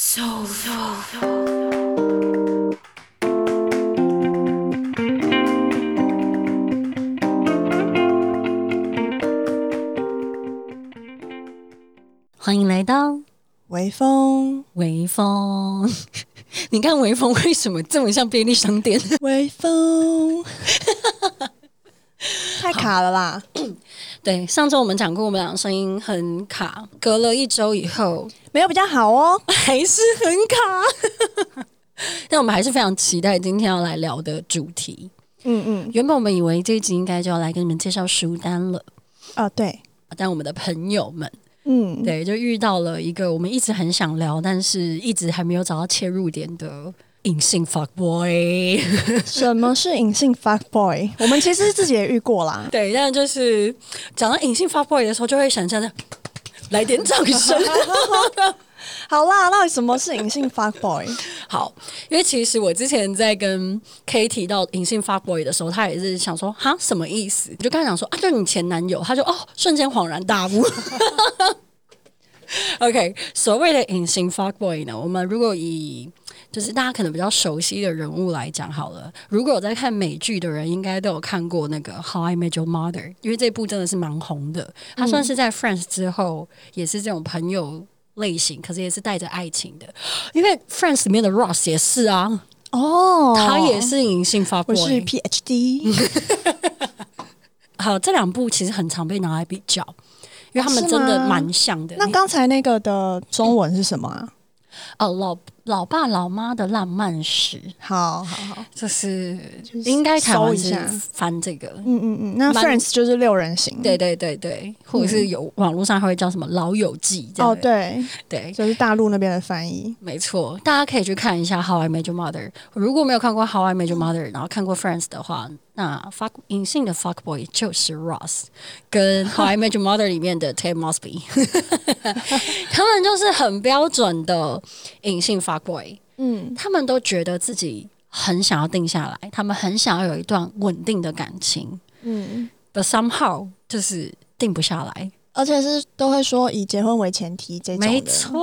So so。歡迎來到微風，微風。你看微風為什麼這麼像便利商店？微風，太卡了啦！對，上周我們講過，我們倆聲音很卡。隔了一周以後，沒有比較好哦，還是很卡。 但我們還是非常期待今天要來聊的主題。嗯嗯，原本我們以為這一集應該就要來跟你們介紹書單了啊，對。但我們的朋友們，嗯，對，就遇到了一個我們一直很想聊，但是一直還沒有找到切入點的。隱性 fuck boy，什麼是隱性 fuck boy？ 我們其實是自己也遇過啦。對，但就是講到隱性 fuck boy 的時候，就會想象這樣，來點掌聲。 好啦，那什麼是隱性 fuck boy？好，因為其實我之前在跟 K 提到隱性 fuck boy 的時候，他也是想說，哈，什麼意思？就剛想說啊，就你前男友，他就哦，瞬間恍然大悟。 OK，所謂的隱性 fuck boy 呢，我們如果以就是大家可能比較熟悉的人物來講好了。如果有在看美劇的人，應該都有看過那個《How I Met Your Mother》，因為這部真的是蠻紅的，嗯。它算是在《Friends》之後，也是這種朋友類型，可是也是帶着愛情的。因為《Friends》裡面的 Ross 也是啊，哦，他也是隱性 Fuckboy，欸，我是 PhD。 好，這兩部其實很常被拿來比較，因為他們真的蠻像的。那剛才那個的中文是什麼啊？嗯哦，老老爸老媽的浪漫史，好好好、嗯，就是應該收一下翻這個，嗯嗯嗯，那 Friends 就是六人行，對對對對，或、嗯、者是有網絡上還會叫什麼老友記，對對哦對對，就是大陸那邊的翻譯，沒錯，大家可以去看一下 How I Met Your Mother。如果沒有看過 How I Met Your Mother，、嗯、然後看過 Friends 的話。那發隱性的 fuckboy 就是 Ross 跟《How I Met Your Mother》裡面的 Ted Mosby，他們就是很標準的隱性 fuckboy 嗯，他們都覺得自己很想要定下來，他們很想要有一段穩定的感情。嗯，But somehow 就是定不下來。而且是都會說以結婚為前提這種的，沒錯，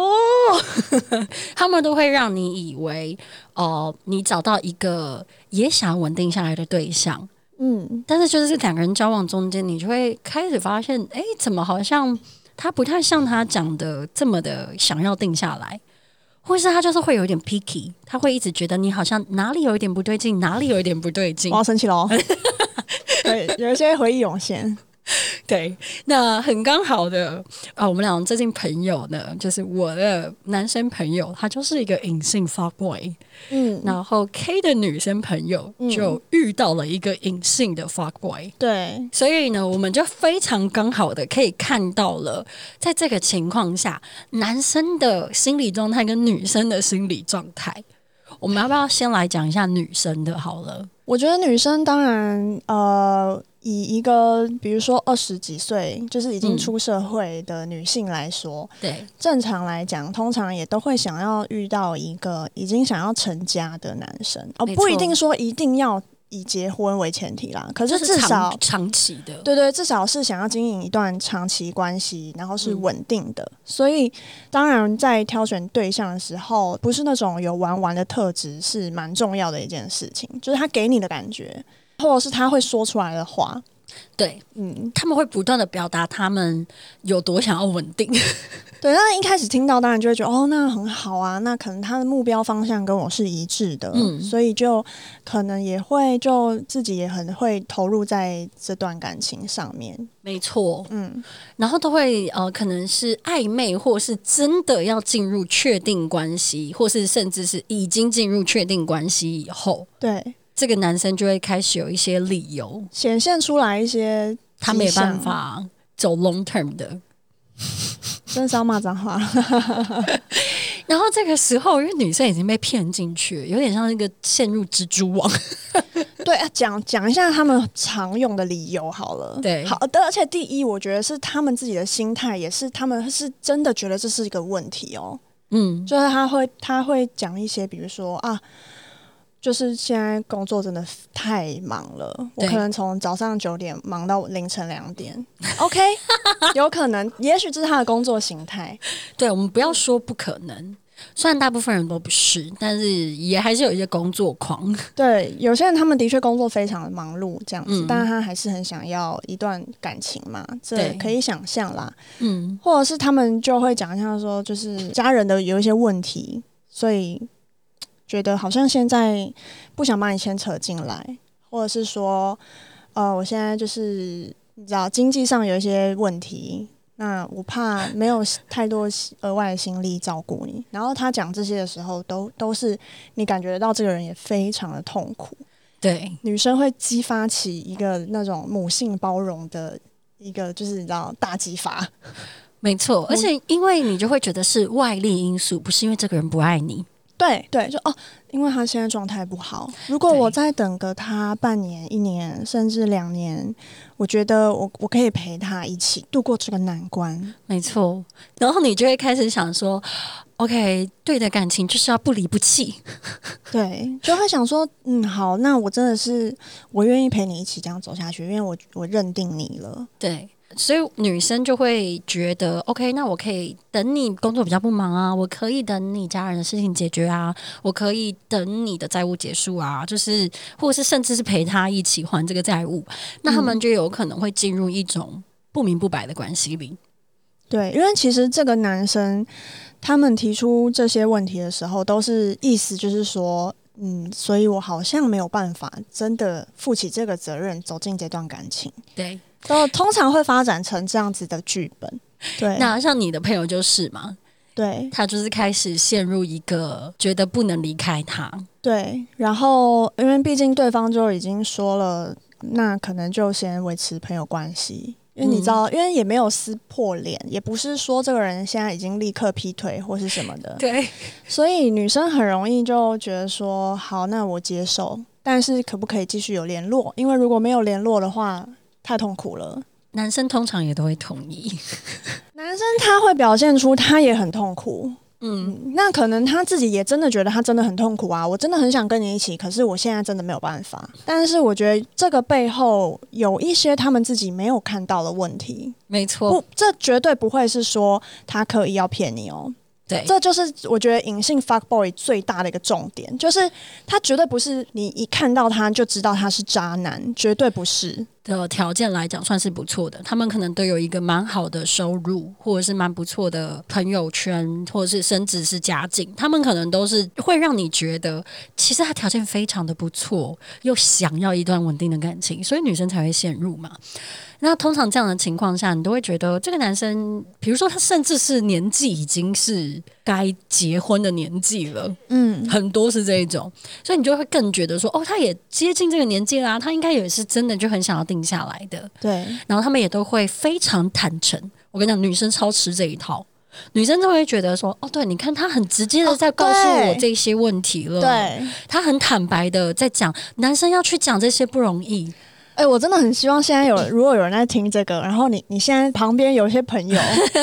他們都會讓你以為，哦、呃，你找到一個也想穩定下來的對象，嗯，但是就是兩個人交往中間，你就會開始發現，哎，怎麼好像他不太像他講的這麼的想要定下來，或是他就是會有點 picky，他會一直覺得你好像哪裡有一點不對勁，哪裡有一點不對勁，哦，生氣了哦，對，有有一些回憶湧現。 對，那很剛好的啊，我們倆最近朋友呢，就是我的男生朋友，他就是一個隱性 Fuckboy，嗯，然後 K 的女生朋友就遇到了一個隱性的 Fuckboy，嗯，對，所以呢，我們就非常剛好的可以看到了，在這個情況下，男生的心理狀態跟女生的心理狀態，我們要不要先來講一下女生的好了？我覺得女生當然呃。以一個比如說二十幾歲，就是已經出社會的女性來說，嗯、對，正常來講，通常也都會想要遇到一個已經想要成家的男生。哦，不一定說一定要以結婚為前提啦，可是至少是長，長期的，對，對對，至少是想要經營一段長期關係，然後是穩定的、嗯。所以，當然在挑選對象的時候，不是那種有玩玩的特質，是蠻重要的一件事情，就是他給你的感覺。或者是他會說出來的話，對，嗯，他們會不斷的表達他們有多想要穩定，對。那一開始聽到，當然就會覺得 哦，那很好啊，那可能他的目標方向跟我是一致的，嗯，所以就可能也會就自己也很會投入在這段感情上面，沒錯，嗯，然後都會呃，可能是曖昧，或是真的要進入確定關係，或是甚至是已經進入確定關係以後，對。這個男生就會開始有一些理由顯現出來，一些他沒辦法走 long term 的，真是要罵髒話了。 然後這個時候，因為女生已經被騙進去，有點像那個陷入蜘蛛網。 對，講講一下他們常用的理由好了。對，好的，而且第一，我覺得是他們自己的心態，也是他們是真的覺得這是一個問題哦、喔。嗯，就是他會他會講一些，比如說啊。就是現在工作真的太忙了，我可能從早上九點忙到凌晨兩點。 OK，有可能， 也許這是他的工作形態。對，我們不要說不可能，嗯，雖然大部分人都不是，但是也還是有一些工作狂。對，有些人他們的確工作非常忙碌這樣子，嗯，但是他還是很想要一段感情嘛，這可以想象啦。嗯，或者是他們就會講一下說，就是家人的有一些問題，所以。覺得好像現在不想把你牽扯進來，或者是說，呃，我現在就是你知道經濟上有一些問題，那我怕沒有太多額外的心力照顧你，然後他講這些的時候，都都是你感覺得到這個人也非常的痛苦。對，女生會激發起一個那種母性包容的一個，就是你知道大激發，沒錯。而且因為你就會覺得是外力因素，不是因為這個人不愛你。對對，就哦，因為他現在狀態不好。如果我再等個他半年、一年，甚至兩年，我覺得我我可以陪他一起度過這個難關。沒錯，然後你就會開始想說，OK，對的感情就是要不離不棄。對，就會想說，嗯，好，那我真的是我願意陪你一起這樣走下去，因為我我認定你了。對。所以女生就會覺得，OK，那我可以等你工作比較不忙啊，我可以等你家人的事情解決啊，我可以等你的債務結束啊，就是，或者是甚至是陪他一起還這個債務，嗯。那他們就有可能會進入一種不明不白的關係裡。對，因為其實這個男生他們提出這些問題的時候，都是意思就是說，嗯，所以我好像沒有辦法真的負起這個責任，走進這段感情。對。然後通常會發展成這樣子的劇本，對。那像你的朋友就是嘛，對，他就是開始陷入一個覺得不能離開他，對。然後因為畢竟對方就已經說了，那可能就先維持朋友關係，因為你知道、嗯，因為也沒有撕破臉，也不是說這個人現在已經立刻劈腿或是什麼的，對。所以女生很容易就覺得說，好，那我接受，但是可不可以繼續有聯絡？因為如果沒有聯絡的話，太痛苦了，男生通常也都會同意。 男生他會表現出他也很痛苦，嗯，嗯，那可能他自己也真的覺得他真的很痛苦啊。我真的很想跟你一起，可是我現在真的沒有辦法。但是我覺得這個背後有一些他們自己沒有看到的問題。沒錯，不，這絕對不會是說他刻意要騙你哦、喔。對，這就是我覺得隱性 fuck boy 最大的一個重點，就是他絕對不是你一看到他就知道他是渣男，絕對不是。的條件來講算是不錯的，他們可能都有一個蠻好的收入，或者是蠻不錯的朋友圈，或者是甚至是家境。他們可能都是會讓你覺得，其實他條件非常的不錯，又想要一段穩定的感情，所以女生才會陷入嘛。那通常這樣的情況下，你都會覺得這個男生，比如說他甚至是年紀已經是該結婚的年紀了，嗯，很多是這一種，所以你就會更覺得說，哦，他也接近這個年紀啦、啊，他應該也是真的就很想要定。定下來的，對。然後他們也都會非常坦誠。我跟你講，女生超吃這一套，女生就會覺得說：“哦，對，你看他很直接的在告訴我這些問題了。”啊，對，他很坦白的在講。男生要去講這些不容易。哎、欸，我真的很希望現在有，如果有人在聽這個， 然後你你現在旁邊有些朋友，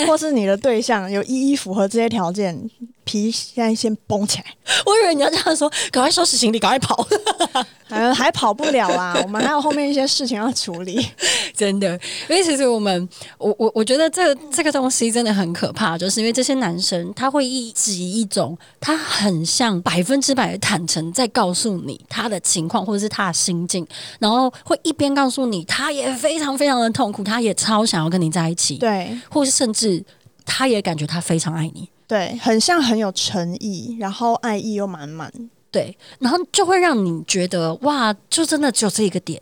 或是你的對象，有一一符合這些條件。皮現在先繃起來，我以為你要這樣說，趕快收拾行李，趕快跑、 呃，還跑不了啊，我們還有後面一些事情要處理， 真的。因為其實我們，我我我覺得這這個東西真的很可怕，就是因為這些男生他會一直以一種他很像百分之百的坦誠在告訴你他的情況或者是他的心境，然後會一邊告訴你他也非常非常的痛苦，他也超想要跟你在一起，對，或是甚至他也感覺他非常愛你。對，很像很有誠意，然後愛意又滿滿。對，然後就會讓你覺得哇，就真的只有這一個點。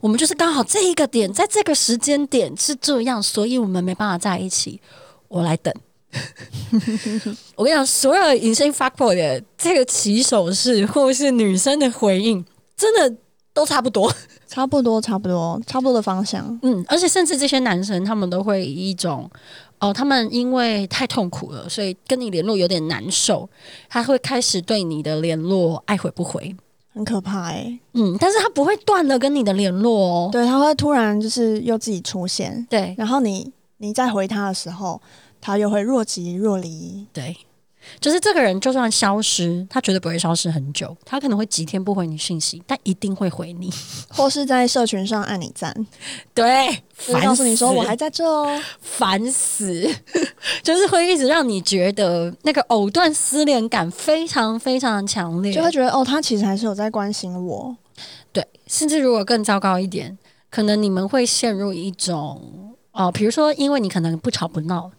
我們就是剛好這一個點，在這個時間點是這樣，所以我們沒辦法在一起。我來等。 我跟你講，所有的隱身 fuck boy 的這個起手式或是女生的回應，真的都差不多，差不多，差不多，差不多的方向。嗯，而且甚至這些男生，他們都會以一種。哦，他們因為太痛苦了，所以跟你聯絡有點難受，他會開始對你的聯絡愛回不回，很可怕欸。嗯，但是他不會斷了跟你的聯絡哦。對，他會突然就是又自己出現。對，然後你你再回他的時候，他又會若即若離。對。就是這個人，就算消失，他絕對不會消失很久。他可能會幾天不回你信息，但一定會回你，或是在社群上按你讚。對，我告訴你說我還在這哦。煩死，就是會一直讓你覺得那個藕斷絲連感非常非常強烈，就會覺得哦，他其實還是有在關心我。對，甚至如果更糟糕一點，可能你們會陷入一種哦，比如說，因為你可能不吵不鬧。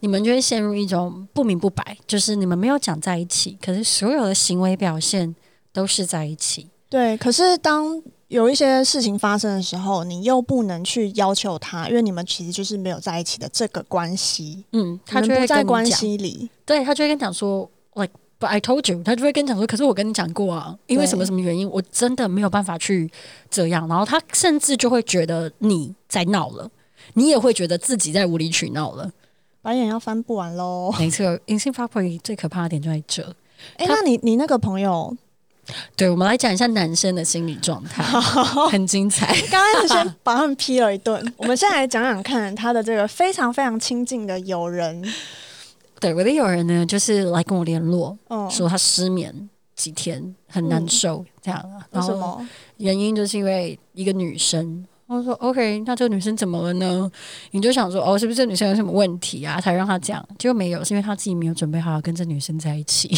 你們就會陷入一種不明不白，就是你們沒有講在一起，可是所有的行為表現都是在一起。對，可是當有一些事情發生的時候，你又不能去要求他，因為你們其實就是沒有在一起的這個關係。嗯，他就會在關係裡，對，他就會跟你講說，like, but I told you，他就會跟你講說，可是我跟你講過啊，因為什麼什麼原因，我真的沒有辦法去這樣。然後他甚至就會覺得你在鬧了，你也會覺得自己在無理取鬧了。白眼要翻不完嘍！沒錯隱性 Fuckboy 最可怕的點就在這。哎，那你你那個朋友， 對，我們來講一下男生的心理狀態， 很精彩。剛 剛先把他們批了一頓， 我們先來講講看他的這個非常非常親近的友人。 對我的友人呢，就是來跟我聯絡、嗯，說他失眠幾天，很難受，嗯、這樣然後為什麼？原因就是因為一個女生。我說 OK，那這個女生怎麼了呢？你就想說哦，是不是這女生有什麼問題啊，才讓她講。結果沒有，是因為他自己沒有準備好要跟這女生在一起。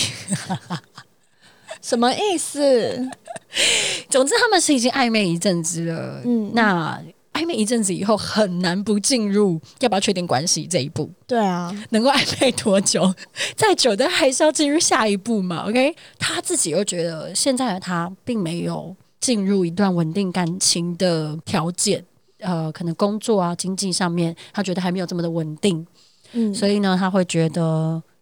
什麼意思？ 總之他們是已經曖昧一陣子了。嗯，那曖昧一陣子以後，很難不進入要不要確定關係這一步。對啊，能夠曖昧多久，再久的還是要進入下一步嘛。OK，他自己又覺得現在的他並沒有。進入一段穩定感情的條件，呃，可能工作啊、經濟上面，他覺得還沒有這麼的穩定，嗯，所以呢，他會覺得，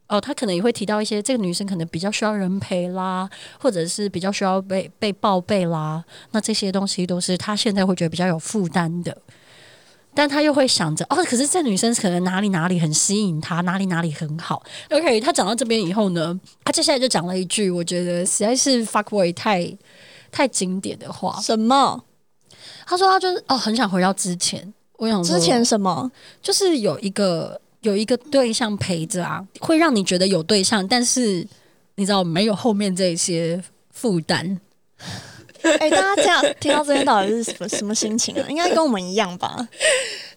哦，他可能也會提到一些，這個女生可能比較需要人陪啦，或者是比較需要被被報備啦，那這些東西都是他現在會覺得比較有負擔的。但他又會想着，哦，可是這女生可能哪裡哪裡很吸引他，哪裡哪裡很好。OK，他講到這邊以後呢，他、啊、接下來就講了一句，我覺得實在是 fuck boy 太。太經典的話，什麼？他說他就是哦，很想回到之前。我想說之前什麼？就是有一個有一個對象陪着啊，會讓你覺得有對象，但是你知道沒有後面這一些負擔。哎、欸，大家這樣聽到這邊到底是什麼，什麼心情啊？應該跟我們一樣吧？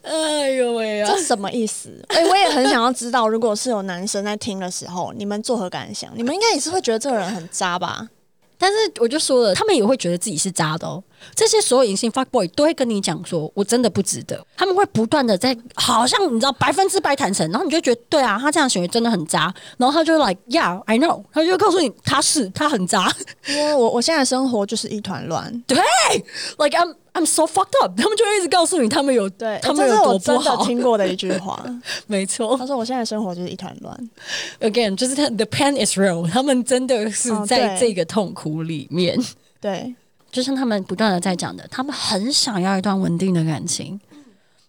哎呦喂，這是什麼意思？哎、 欸，我也很想要知道，如果是有男生在聽的時候，你們作何感想？你們應該也是會覺得這個人很渣吧？但是我就說了，他們也會覺得自己是渣的哦。這些所有隱性 fuck boy 都會跟你講說，我真的不值得。他們會不斷的在，好像你知道百分之百坦誠，然後你就覺得對啊，他這樣行為真的很渣。然後他就 like yeah I know，他就告訴你他是他很渣。因為我我我現在生活就是一團亂，對，like I'm I'm so fucked up。他們就會一直告訴你他們有對，他們真的有多不好。欸、真的我真的聽過的一句話， 沒錯。他說我現在生活就是一團亂。Again，就是 the pain is real。他們真的是在這個痛苦裡面，哦、對。對就像他們不斷的在講的，他們很想要一段穩定的感情，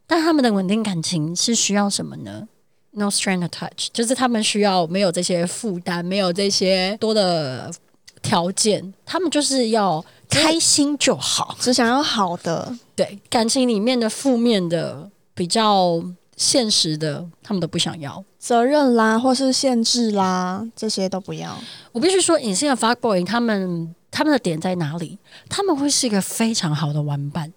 但他們的穩定感情是需要什麼呢？No strings attached，就是他們需要沒有這些負擔，沒有這些多的條件，他們就是要開心就好，只想要好的。對，感情裡面的負面的比較。現實的，他們都不想要責任啦，或是限制啦，這些都不要。我必須說，隱性的 fuckboy。他們他們的點在哪裡？他們會是一個非常好的玩伴。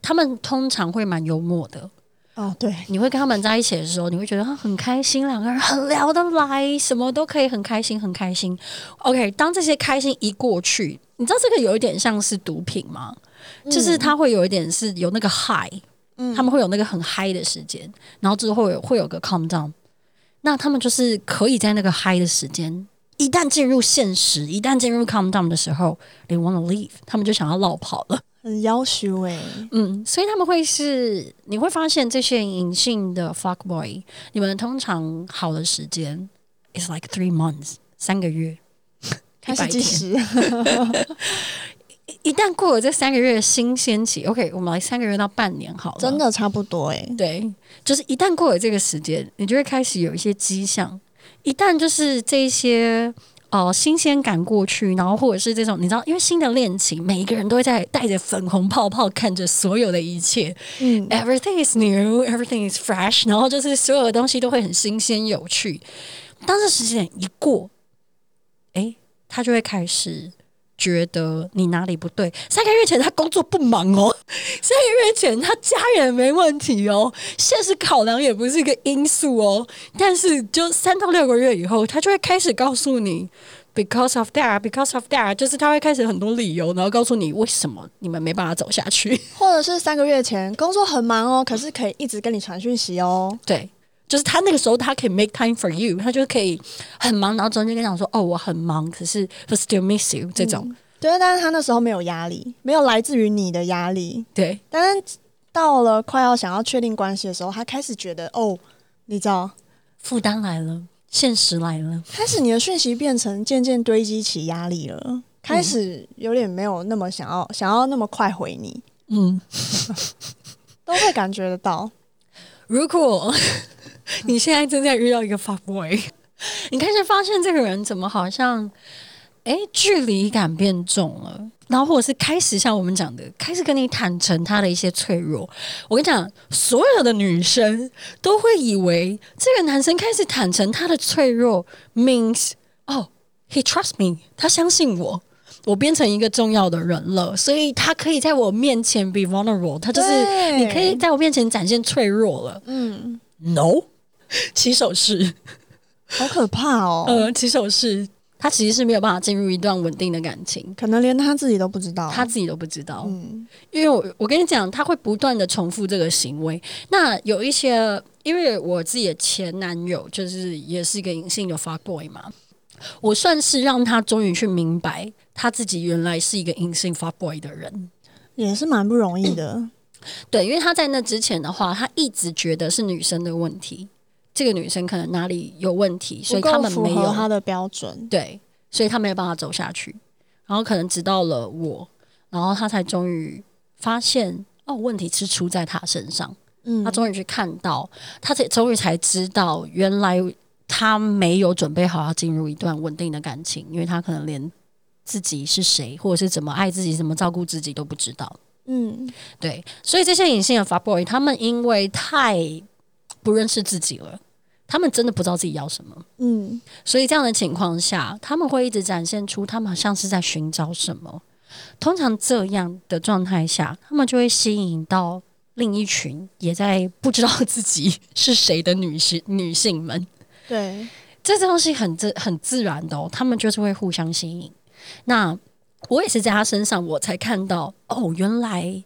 他們通常會蠻幽默的。哦，對，你會跟他們在一起的時候，你會覺得很開心，兩個人很聊得來，什麼都可以，很開心，很開心。OK，當這些開心一過去，你知道這個有一點像是毒品嗎？嗯、就是他會有一點是有那個 high 他們會有那個很嗨的時間，然後之後會有會有個 come down。那他們就是可以在那個嗨的時間，一旦進入現實，一旦進入 come down 的時候，they wanna leave，他們就想要落跑了。很夭壽欸。嗯，所以他們會是你會發現這些隱性的 fuckboy，你們通常好的時間 is like three months，三個月 百天 開始計計時。 一旦過了這三個月的新鮮期，OK，我們來三個月到半年好了，真的差不多哎、欸。對，就是一旦過了這個時間，你就會開始有一些跡象。一旦就是這些哦、呃，新鮮感過去，然後或者是這種你知道，因為新的戀情，每一個人都會在帶着粉紅泡泡看着所有的一切嗯，Everything 嗯 is new, Everything is fresh，然後就是所有的東西都會很新鮮有趣。當這時間一過，哎、欸，他就會開始。覺得你哪裡不對。三個月前他工作不忙哦，三個月前他家人沒問題哦，現實考量也不是一個因素哦。但是就三到六個月以後，他就會開始告訴你，because of that，because of that，就是他會開始很多理由，然後告訴你為什麼你們沒辦法走下去。或者是三個月前工作很忙哦，可是可以一直跟你傳訊息哦。對。就是他那個時候，他可以 make time for you，他就可以很忙，然後中間跟你講說：“哦，我很忙，可是 I still miss you。”這種、嗯、對，但是他那時候沒有壓力，沒有來自於你的壓力。對，但是到了快要想要確定關係的時候，他開始覺得哦，你知道，負擔來了，現實來了，開始你的訊息變成漸漸堆積起壓力了、嗯，開始有點沒有那麼想要想要那麼快回你，嗯， 都會感覺得到如果…… 你現在正在遇到一個 fuckboy 你開始發現這個人怎麼好像，哎，距離感變重了。然後或者是開始像我們講的，開始跟你坦誠他的一些脆弱。我跟你講，所有的女生都會以為這個男生開始坦誠他的脆弱，means 哦，oh，he trust me，他相信我，我變成一個重要的人了，所以他可以在我面前 be vulnerable，他就是你可以在我面前展現脆弱了。嗯，no。起手式，好可怕哦！ 呃，起手式，他其實是沒有辦法進入一段穩定的感情，可能連他自己都不知道，啊，他自己都不知道。嗯，因為我我跟你講，他會不斷的重複這個行為。那有一些，因為我自己的前男友就是也是一個隱性有 Fuckboy 嘛，我算是讓他終於去明白他自己原來是一個隱性 Fuckboy 的人，也是蠻不容易的。 對，因為他在那之前的話，他一直覺得是女生的問題。這個女生可能哪裡有問題，所以他們沒有她的標準，對，所以她沒有辦法走下去。然後可能直到了我，然後她才終於發現哦，問題是出在她身上。嗯，她終於去看到，她才終於才知道，原來她沒有準備好要進入一段穩定的感情，因為她可能連自己是誰，或者是怎麼愛自己、怎麼照顧自己都不知道。嗯，對，所以這些隱性的 Fuckboy，他們因為太不認識自己了。他們真的不知道自己要什麼，嗯，所以這樣的情況下，他們會一直展現出他們好像是在尋找什麼。通常這樣的狀態下，他們就會吸引到另一群也在不知道自己是誰的女性女性們。對，這東西很自很自然的哦，他們就是會互相吸引。那我也是在他身上，我才看到哦，原來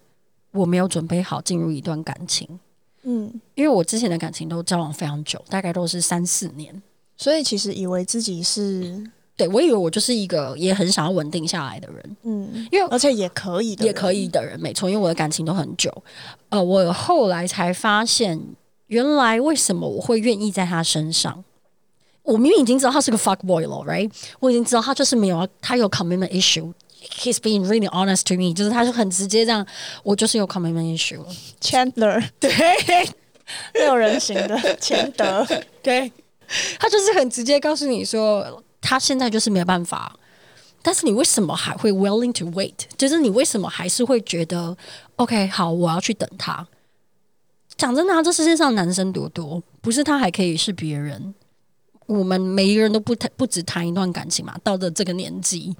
我沒有準備好進入一段感情。嗯，因為我之前的感情都交往非常久，大概都是三四年，所以其實以為自己是，對，我以為我就是一個也很想要穩定下來的人，嗯，因為而且也可以的人，也可以的人，沒錯，因為我的感情都很久，呃，我後來才發現，原來為什麼我會願意在他身上，我明明已經知道他是個 fuck boy 咯 right？我已經知道他就是沒有他有 commitment issue。He's been really honest to me，就是他就很直接這樣。我就是有 commitment issue。Chandler，對， 沒有人形的，錢德，對。Okay, 他就是很直接告訴你說，他現在就是沒有辦法。但是你為什麼還會 willing to wait？就是你為什麼還是會覺得 OK，好，我要去等他？講真的啊，這世界上男生多多，不是他還可以是別人。我們每一個人都不談，不止談一段感情嘛。到了這個年紀。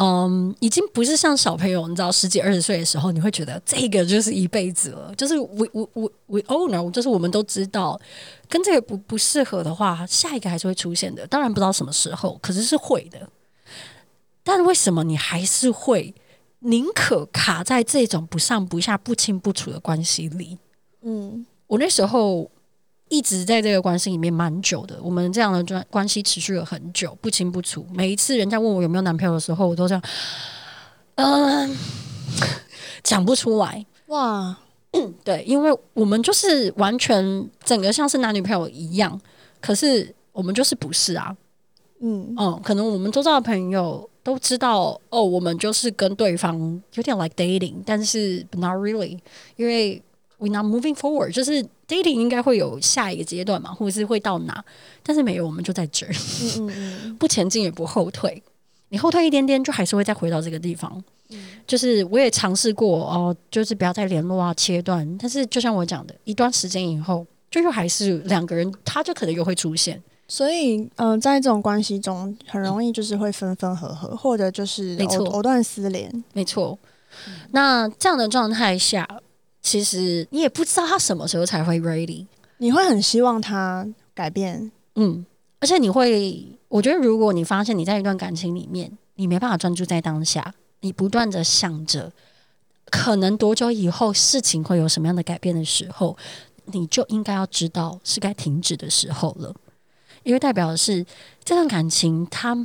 嗯、um,，已經不是像小朋友，你知道十幾二十歲的時候，你會覺得這個就是一輩子了。就是我我我我 we, we, we, we owner，就是我們都知道，跟這個不不適合的話，下一個還是會出現的。當然不知道什麼時候，可是是會的。但為什麼你還是會寧可卡在這種不上不下、不清不楚的關係裡？嗯，我那時候。一直在這個關係裡面蠻久的，我們這樣的關關係持續了很久，不清不楚。每一次人家問我有沒有男朋友的時候，我都這樣嗯，講、呃、講不出來。哇、嗯，對，因為我們就是完全整個像是男女朋友一樣，可是我們就是不是啊。嗯哦、嗯，可能我們周遭的朋友都知道，哦，我們就是跟對方有點 like dating，但是 not really，因為。We're not moving forward，就是 dating 應該會有下一個階段嘛，或者是會到哪？但是沒有，我們就在這兒， 不前進也不後退。你後退一點點，就還是會再回到這個地方。嗯、就是我也嘗試過哦，就是不要再聯絡啊，切斷。但是就像我講的，一段時間以後，就又還是兩個人，他就可能又會出現。所以，嗯、呃，在這種關係中，很容易就是會分分合合，嗯、或者就是沒錯，藕斷絲連。沒錯。那這樣的狀態下。其實你也不知道他什麼時候才會 ready，你會很希望他改變，嗯，而且你會，我覺得如果你發現你在一段感情裡面，你沒辦法專注在當下，你不斷的想着可能多久以後事情會有什麼樣的改變的時候，你就應該要知道是該停止的時候了，因為代表的是這段感情他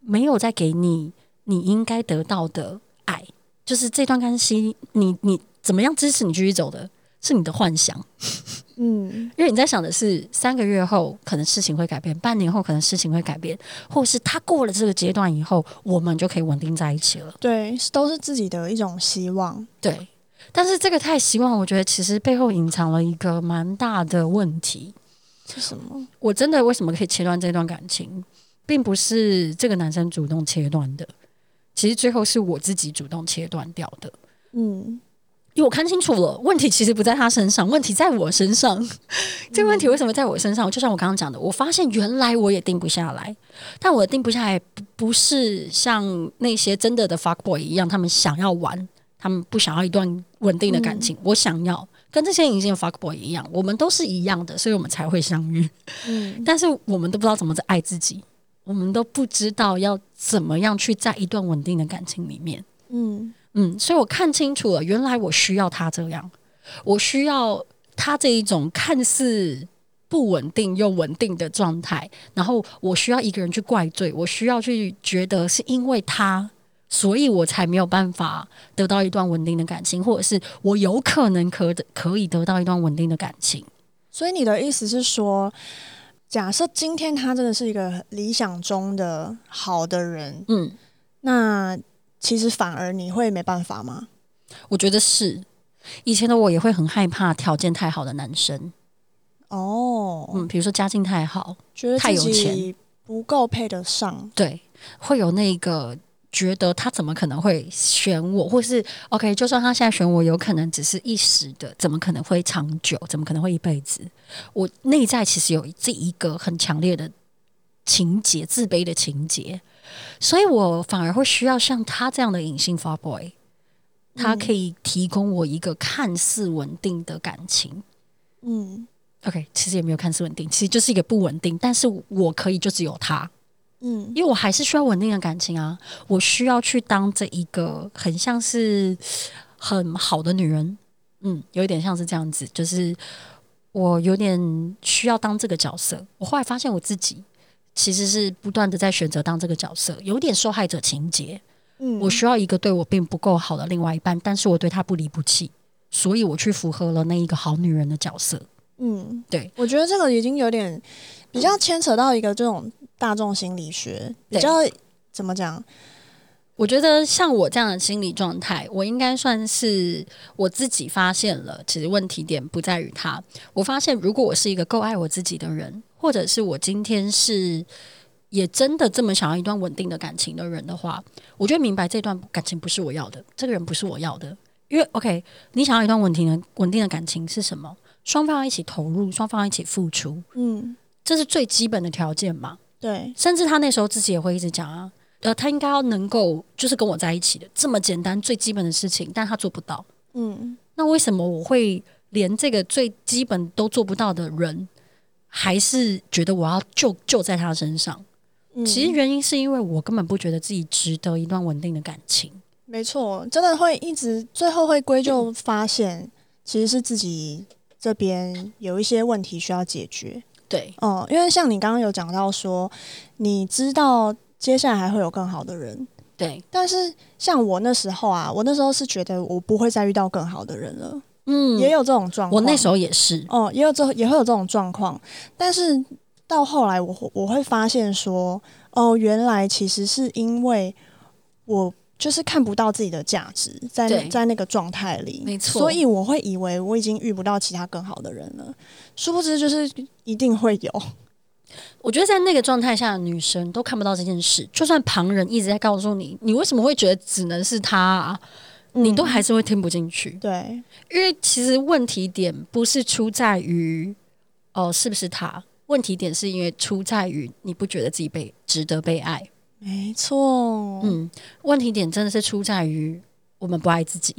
沒有再給你你應該得到的愛，就是這段關係你你。你怎麼樣支持你繼續走的？是你的幻想， 嗯，因為你在想的是三個月後可能事情會改變，半年後可能事情會改變，或是他過了這個階段以後，我們就可以穩定在一起了。對，都是自己的一種希望。對，但是這個太希望，我覺得其實背後隱藏了一個蠻大的問題。是什麼？我真的為什麼可以切斷這段感情，並不是這個男生主動切斷的，其實最後是我自己主動切斷掉的。嗯。因為我看清楚了，問題其實不在他身上，問題在我身上。 這個問題為什麼在我身上？嗯。就像我剛剛講的，我發現原來我也定不下來，但我定不下來不是像那些真的的 fuck boy 一樣，他們想要玩，他們不想要一段穩定的感情。嗯、我想要跟這些隱性 fuck boy 一樣，我們都是一樣的，所以我們才會相遇。嗯，但是我們都不知道怎麼在愛自己，我們都不知道要怎麼樣去在一段穩定的感情裡面，嗯。嗯，所以我看清楚了，原來我需要他這樣，我需要他這一種看似不穩定又穩定的狀態，然後我需要一個人去怪罪，我需要去覺得是因為他，所以我才沒有辦法得到一段穩定的感情，或者是我有可能可可以得到一段穩定的感情。所以你的意思是說，假設今天他真的是一個理想中的好的人，嗯，那。其實反而你會沒辦法嗎？我覺得是，以前的我也會很害怕條件太好的男生。哦，嗯，比如說家境太好，覺得自己不夠配得上，對，會有那個覺得他怎麼可能會選我，或是 OK，就算他現在選我，有可能只是一時的，怎麼可能會長久？怎麼可能會一輩子？我內在其實有這一個很強烈的情結，自卑的情結。所以我反而會需要像他這樣的隱性 Fuckboy，他可以提供我一個看似穩定的感情。嗯，OK，其實也沒有看似穩定，其實就是一個不穩定，但是我可以就只有他。嗯，因為我還是需要穩定的感情啊，我需要去當這一個很像是很好的女人。嗯，有一點像是這樣子，就是我有點需要當這個角色。我後來發現我自己。其實是不斷的在選擇當這個角色，有點受害者情節。嗯，我需要一個對我並不夠好的另外一半，但是我對他不離不棄，所以我去符合了那一個好女人的角色。嗯，對，我覺得這個已經有點比較牽扯到一個這種大眾心理學，嗯、比較怎麼講？我覺得像我這樣的心理狀態，我應該算是我自己發現了。其實問題點不在於他，我發現如果我是一個夠愛我自己的人，或者是我今天是也真的這麼想要一段穩定的感情的人的話，我就明白這段感情不是我要的，這個人不是我要的。因為 OK，你想要一段穩定的穩定的感情是什麼？雙方要一起投入，雙方一起付出，嗯，這是最基本的條件嘛。對。甚至他那時候自己也會一直講啊。呃，他應該要能夠就是跟我在一起的這麼簡單最基本的事情，但他做不到。嗯，那為什麼我會連這個最基本都做不到的人，還是覺得我要救救在他身上，嗯？其實原因是因為我根本不覺得自己值得一段穩定的感情。沒錯，真的會一直最後會歸咎發現，嗯，其實是自己這邊有一些問題需要解決。對，哦、呃，因為像你剛剛有講到說，你知道。接下來還會有更好的人，對。但是像我那時候啊，我那時候是覺得我不會再遇到更好的人了。嗯，也有這種狀況。我那時候也是。哦，也有這也會有這種狀況，嗯。但是到後來我，我我會發現說，哦，原來其實是因為我就是看不到自己的價值在那在那個狀態裡，沒錯。所以我會以為我已經遇不到其他更好的人了，殊不知就是一定會有。我覺得在那個狀態下的女生都看不到這件事。就算旁人一直在告訴你，你為什麼會覺得只能是他、啊嗯，你都還是會聽不進去。對，因為其實問題點不是出在於哦、呃、是不是他，問題點是因為出在於你不覺得自己被值得被愛。沒錯，嗯，問題點真的是出在於我們不愛自己。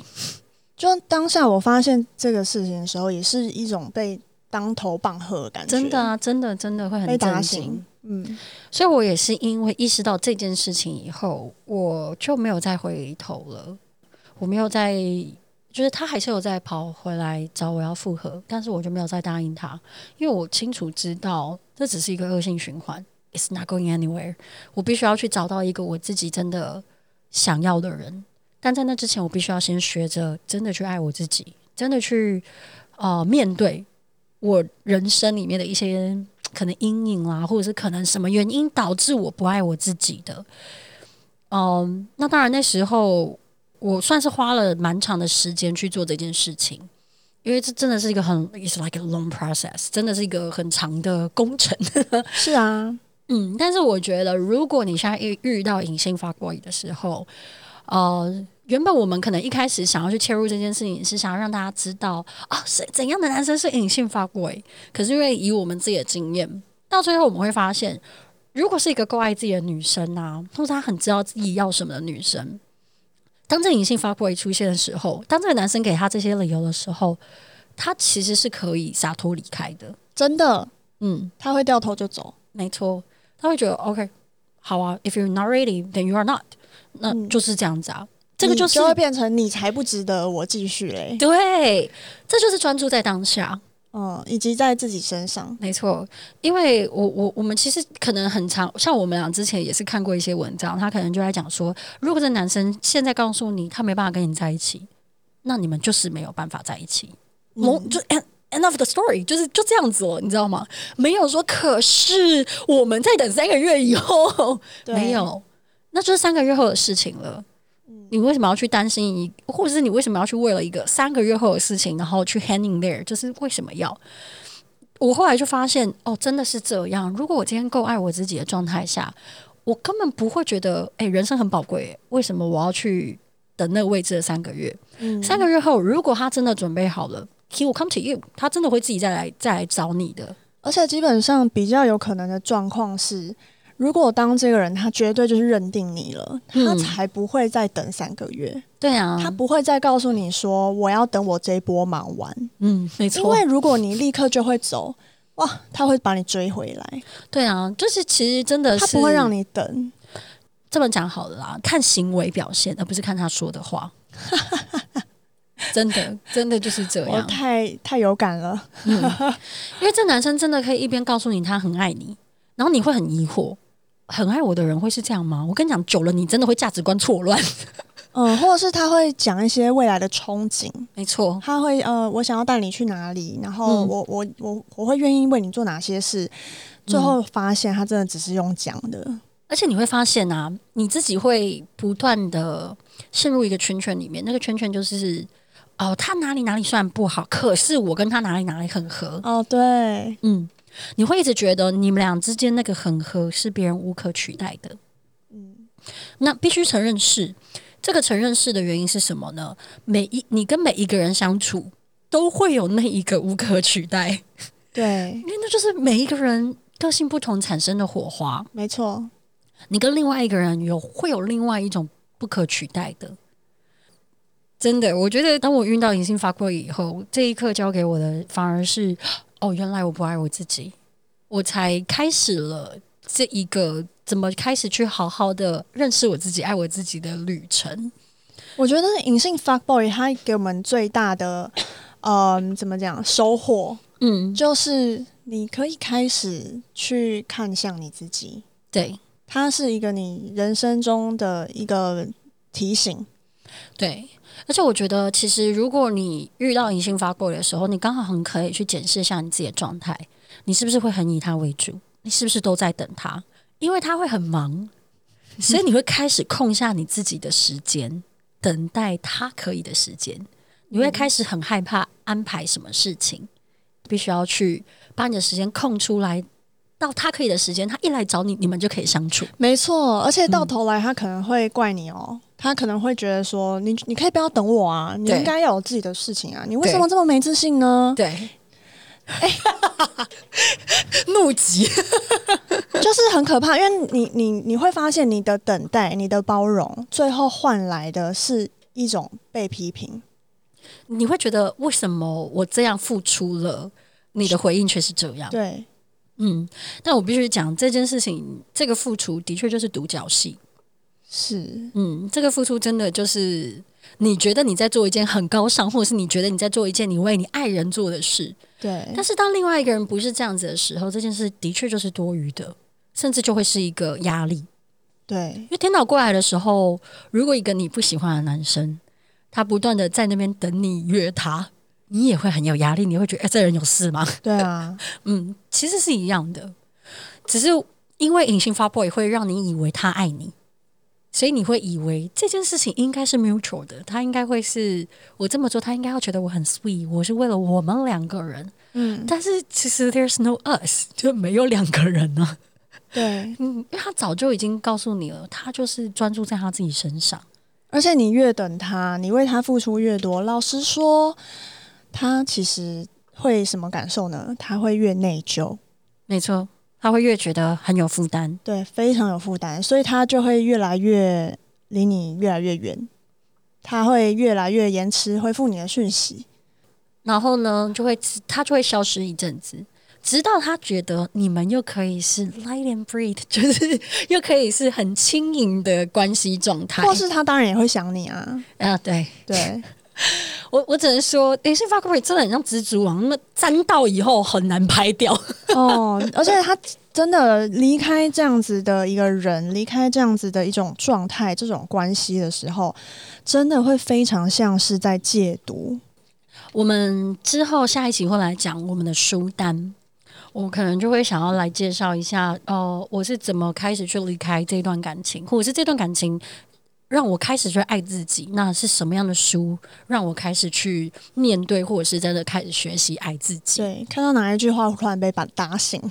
就當下我發現這個事情的時候，也是一種被。當頭棒喝的感覺真的啊，真的真的會很擔心。嗯，所以我也是因為意識到這件事情以後，我就沒有再回頭了。我沒有再，就是他還是有在跑回來找我要復合，但是我就沒有再答應他，因為我清楚知道這只是一個惡性循環，It's not going anywhere。我必須要去找到一個我自己真的想要的人，但在那之前，我必須要先學着真的去愛我自己，真的去啊、呃、面對。我人生裡面的一些可能陰影啦、啊，或者是可能什麼原因導致我不愛我自己的，嗯，那當然那時候我算是花了蠻長的時間去做這件事情，因為這真的是一個很，it's like a long process，真的是一個很長的工程。 是啊，嗯，但是我覺得如果你現在遇遇到隱性 Fuckboy 的時候，嗯。原本我們可能一開始想要去切入這件事情，是想要讓大家知道啊，是、哦、怎樣的男生是隱性 Fuckboy。可是因為以我們自己的經驗，到最後我們會發現，如果是一個夠愛自己的女生啊，通常她很知道自己要什麼的女生，當這個隱性 Fuckboy 出現的時候，當這個男生給他這些理由的時候，他其實是可以灑脫離開的。真的，嗯，他會掉頭就走。沒錯，他會覺得 OK，好啊。If you're not ready, then you are not、嗯。那就是這樣子啊。這個就是就會變成你才不值得我繼續，欸、對，這就是專注在當下，嗯，以及在自己身上。沒錯，因為我我我們其實可能很常，像我們倆之前也是看過一些文章，他可能就在講說，如果這男生現在告訴你他沒辦法跟你在一起，那你們就是沒有辦法在一起。嗯，就 end end of the story，就是就這樣子了，你知道嗎？沒有說可是我們再等三個月以後，沒有，那就是三個月後的事情了。你為什麼要去擔心一，或者是你為什麼要去為了一個三個月後的事情，然後去 hang in there？就是為什麼要？我後來就發現，哦，真的是這樣。如果我今天夠愛我自己的狀態下，我根本不會覺得，哎、欸，人生很寶貴，為什麼我要去等那個未知的三個月？嗯、三個月後，如果他真的準備好了，He will come to you，他真的會自己再來再來找你的。而且基本上比較有可能的狀況是。如果我當這個人，他絕對就是認定你了，他才不會再等三個月。嗯、對啊，他不會再告訴你說我要等我這一波忙完。嗯，沒錯。因為如果你立刻就會走，哇，他會把你追回來。對啊，就是其實真的是，他不會讓你等。這麼講好了啦，看行為表現，而不是看他說的話。 真的，真的就是這樣，我太，太有感了、 嗯。因為這男生真的可以一邊告訴你他很愛你，然後你會很疑惑。很愛我的人會是這樣嗎？我跟你講，久了你真的會價值觀錯亂。嗯、 呃，或者是他會講一些未來的憧憬，沒錯。他會呃，我想要帶你去哪裡，然後我、嗯、我我我會願意為你做哪些事。最後發現他真的只是用講的、嗯，而且你會發現啊，你自己會不斷的陷入一個圈圈裡面，那個圈圈就是哦，他哪裡哪裡雖然不好，可是我跟他哪裡哪裡很合。哦，對，嗯。你會一直覺得你們倆之間那個很合是別人無可取代的，嗯，那必須承認是這個承認是的原因是什麼呢？每一你跟每一個人相處都會有那一個無可取代，對，因為那就是每一個人個性不同產生的火花，沒錯。你跟另外一個人有會有另外一種不可取代的，真的。我覺得當我遇到隱性 Fuckboy 以後，這一刻交給我的反而是。哦，原來我不愛我自己，我才開始了這一個怎麼開始去好好的認識我自己、愛我自己的旅程。我覺得隱性 Fuckboy 他給我們最大的，嗯、呃，怎麼講收穫？嗯，就是你可以開始去看向你自己，對，它是一個你人生中的一個提醒，對。而且我覺得，其實如果你遇到隱性 Fuckboy 的時候，你剛好很可以去檢視一下你自己的狀態，你是不是會很以他為主？你是不是都在等他？因為他會很忙， 所以你會開始空下你自己的時間，等待他可以的時間。你會開始很害怕安排什麼事情，嗯、必須要去把你的時間空出來，到他可以的時間，他一來找你，你們就可以相處。沒錯，而且到頭來他可能會怪你哦。嗯他可能會覺得說：“你你可以不要等我啊，你應該要有自己的事情啊，你為什麼這麼沒自信呢？”對，哎、欸，哈哈哈，怒極，哈哈哈，就是很可怕，因為你你你會發現你的等待、你的包容，最後換來的是一種被批評。你會覺得為什麼我這樣付出了，你的回應卻是這樣？對，嗯，但我必須講這件事情，這個付出的確就是獨角戲。是，嗯，這個付出真的就是你覺得你在做一件很高尚，或者是你覺得你在做一件你為你愛人做的事，對。但是當另外一個人不是這樣子的時候，這件事的確就是多餘的，甚至就會是一個壓力。對，因為顛倒過來的時候，如果一個你不喜歡的男生，他不斷的在那邊等你約他，你也會很有壓力，你會覺得哎、欸，這人有事嗎？對啊， 嗯，其實是一樣的，只是因為隱性 fuckboy 也會讓你以為他愛你。所以你會以為這件事情應該是 mutual 的，他應該會是我這麼做，他應該會覺得我很 sweet，我是為了我們兩個人，嗯，但是其實 there's no us 就沒有兩個人呢。啊，對，嗯，因為他早就已經告訴你了，他就是專注在他自己身上，而且你越等他，你為他付出越多，老實說，他其實會什麼感受呢？他會越內疚，沒錯。他會越覺得很有負擔，對，非常有負擔，所以他就會越來越離你越來越遠，他會越來越延遲回復你的訊息，然後呢，就會他就會消失一陣子，直到他覺得你們又可以是 light and breathe，就是又可以是很輕盈的關係狀態，或是他當然也會想你啊，啊，對，對。 我我只能說，你、欸、是 Fuckboy 真的很像蜘蛛網，那麼粘到以後很難拍掉。哦， 而且他真的離開這樣子的一個人，離開這樣子的一種狀態，這種關係的時候，真的會非常像是在戒毒。我們之後下一期會來講我們的書單，我可能就會想要來介紹一下，哦、呃，我是怎麼開始去離開這段感情，或者是這段感情。讓我開始去愛自己，那是什麼樣的書讓我開始去面對，或者是真的開始學習愛自己？對，看到哪一句話我突然被打醒。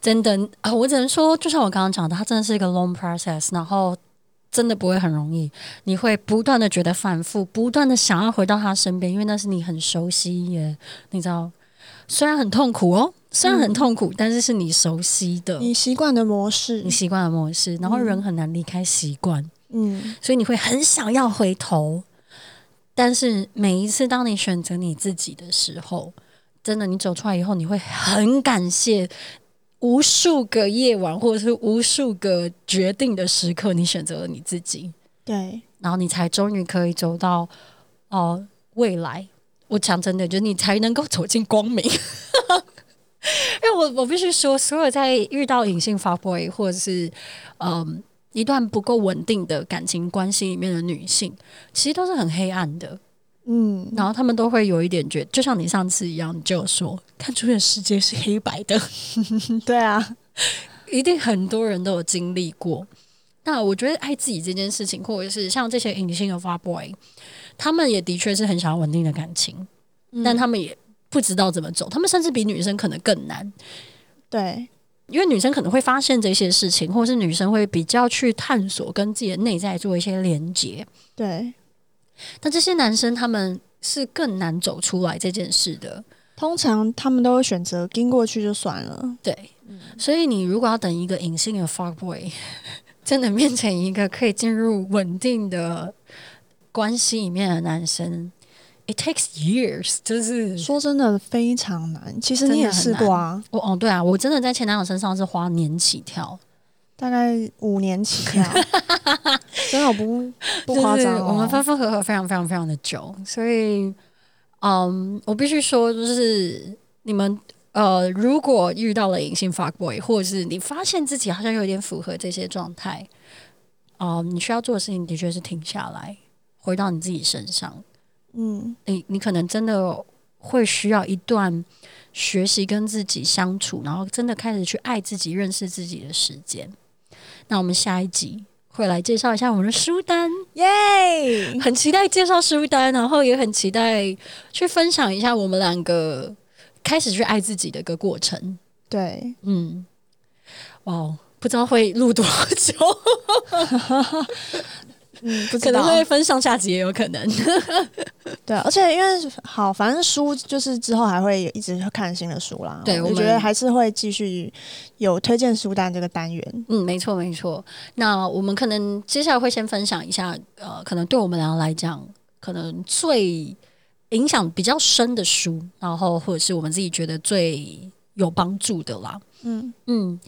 真的啊，我只能說，就像我剛剛講的，它真的是一個 long process，然後真的不會很容易。你會不斷的覺得反復，不斷的想要回到他身邊，因為那是你很熟悉耶。你知道，雖然很痛苦哦、喔，雖然很痛苦、嗯，但是是你熟悉的，你習慣的模式，你習慣的模式，然後人很難離開習慣。嗯。嗯，所以你會很想要回頭，但是每一次當你選擇你自己的時候，真的，你走出來以後，你會很感謝無數個夜晚，或者是無數個決定的時刻，你選擇了你自己。對，然後你才終於可以走到哦、呃、未來。我講真的，就是你才能夠走進光明。 因為我我必須說，所有在遇到隱性 Fuckboy 或者是、呃、嗯。一段不夠穩定的感情關係裡面的女性，其實都是很黑暗的，嗯，然後他們都會有一點覺，就像你上次一樣，就說看出的世界是黑白的， 對啊，一定很多人都有經歷過。那我覺得愛自己這件事情，或者是像這些隱性的 fuck boy，他們也的確是很想要穩定的感情，嗯，但他們也不知道怎麼走，他們甚至比女生可能更難，對。因為女生可能會發現這些事情，或者是女生會比較去探索跟自己的內在做一些連接。對，但這些男生他們是更難走出來這件事的。通常他們都會選擇跟過去就算了。對，所以你如果要等一個隱性的 Fuckboy 真的變成一個可以進入穩定的關係裡面的男生。It takes years，就是說真的非常難。其實你也試過啊，哦、oh, oh, 對啊，我真的在前男友身上是花年起跳，大概五年起跳， 真的不不誇張、哦就是。我們分分合合非常非常非常的久，所以，嗯、um,，我必須說，就是你們呃，uh, 如果遇到了隱性 Fuckboy，或者是你發現自己好像有點符合這些狀態，哦、um,，你需要做的事情的確是停下來，回到你自己身上。嗯，你、欸、你可能真的會需要一段學習跟自己相處，然後真的開始去愛自己、認識自己的時間。那我們下一集會來介紹一下我們的書單，耶、yeah!！很期待介紹書單，然後也很期待去分享一下我們兩個開始去愛自己的一個過程。對，嗯，哦、wow, 嗯，不知道會錄多久，嗯，可能會分上下集也有可能。 對，而且因為好，反正書就是之後還會一直看新的書啦。對，我覺得還是會繼續有推薦書單這個單元。嗯，沒錯沒錯。那我們可能接下來會先分享一下，呃，可能對我們倆來講，可能最影響比較深的書，然後或者是我們自己覺得最有幫助的啦。嗯嗯，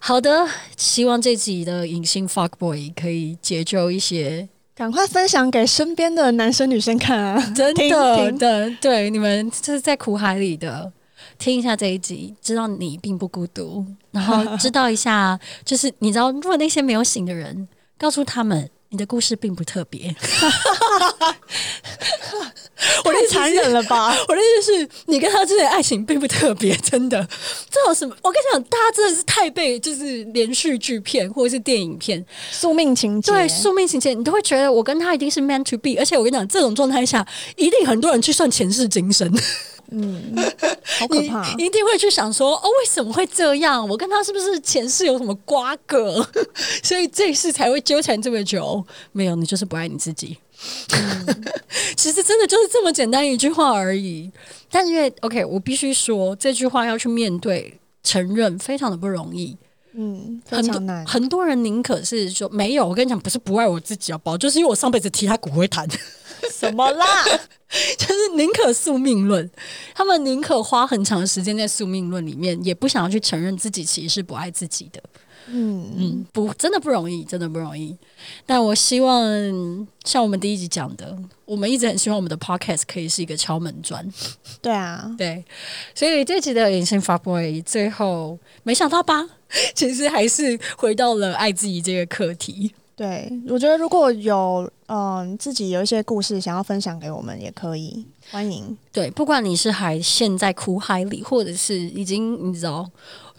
好的，希望這集的隱性 Fuckboy 可以解救一些。趕快分享給身邊的男生女生看啊！真的的，對，你們就是在苦海裡的，聽一下這一集，知道你並不孤獨，然後知道一下， 就是你知道，如果那些沒有醒的人，告訴他們，你的故事並不特別。 我太殘忍了吧我！我的意思是你跟他之間的愛情並不特別，真的。這有什麼，我跟你講，大家真的是太被就是連續劇片或者是電影片宿命情節，對，宿命情節，你都會覺得我跟他一定是 meant to be。而且我跟你講，這種狀態下，一定很多人去算前世今生。嗯，好可怕，你一定會去想說哦，為什麼會這樣？我跟他是不是前世有什麼瓜葛？所以這一世才會糾纏這麼久？沒有，你就是不愛你自己。嗯，其實真的就是這麼簡單一句話而已，但因為 OK，我必須說這句話要去面對、承認，非常的不容易。嗯，很難。很多，很多人寧可是說沒有，我跟你講，不是不愛我自己、啊，要包，就是因為我上輩子踢他骨灰壇，什麼啦？ 就是寧可宿命論，他們寧可花很長時間在宿命論裡面，也不想要去承認自己其實是不愛自己的。嗯嗯，不，真的不容易，真的不容易。但我希望像我們第一集講的，我們一直很希望我們的 Podcast 可以是一個敲門磚。對啊，對。所以這集的隱性 Fuckboy，最後沒想到吧？其實還是回到了愛自己這個課題。對，我覺得如果有嗯、呃、自己有一些故事想要分享給我們，也可以歡迎。對，不管你是還陷在苦海裡，或者是已經你知道。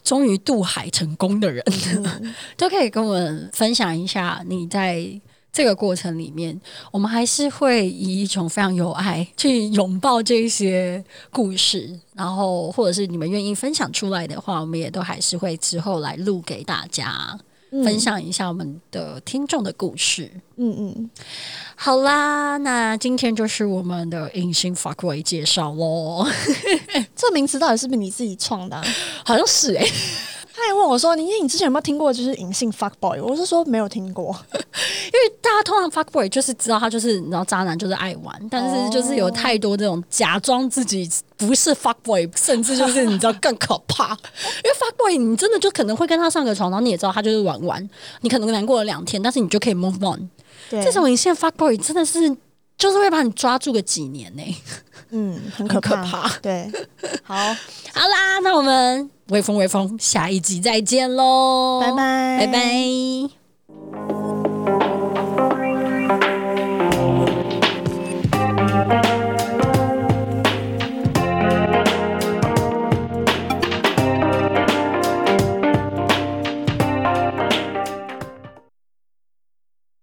終於渡海成功的人， 都可以跟我們分享一下你在這個過程裡面，我們還是會以一種非常有愛去擁抱這些故事，然後或者是你們願意分享出來的話，我們也都還是會之後來錄給大家。分享一下我們的聽眾的故事。嗯嗯，好啦，那今天就是我們的隱性 Fuckboy 介紹嘍。 這名字到底是不是你自己創的、啊？好像是哎、欸。他還問我說：“你你之前有沒有聽過就是隱性 fuck boy？” 我是說沒有聽過， 因為大家通常 fuck boy 就是知道他就是，你知道，渣男就是愛玩，但是就是有太多這種假裝自己不是 fuck boy，甚至就是你知道更可怕， 因為 fuck boy 你真的就可能會跟他上個床，然後你也知道他就是玩玩，你可能難過了兩天，但是你就可以 move on。對這種隱性 fuck boy 真的是。就是會把你抓住個幾年呢，欸嗯，嗯，很可怕，對，好， 好啦，那我們微風微風，下一集再見嘍，拜拜，拜拜。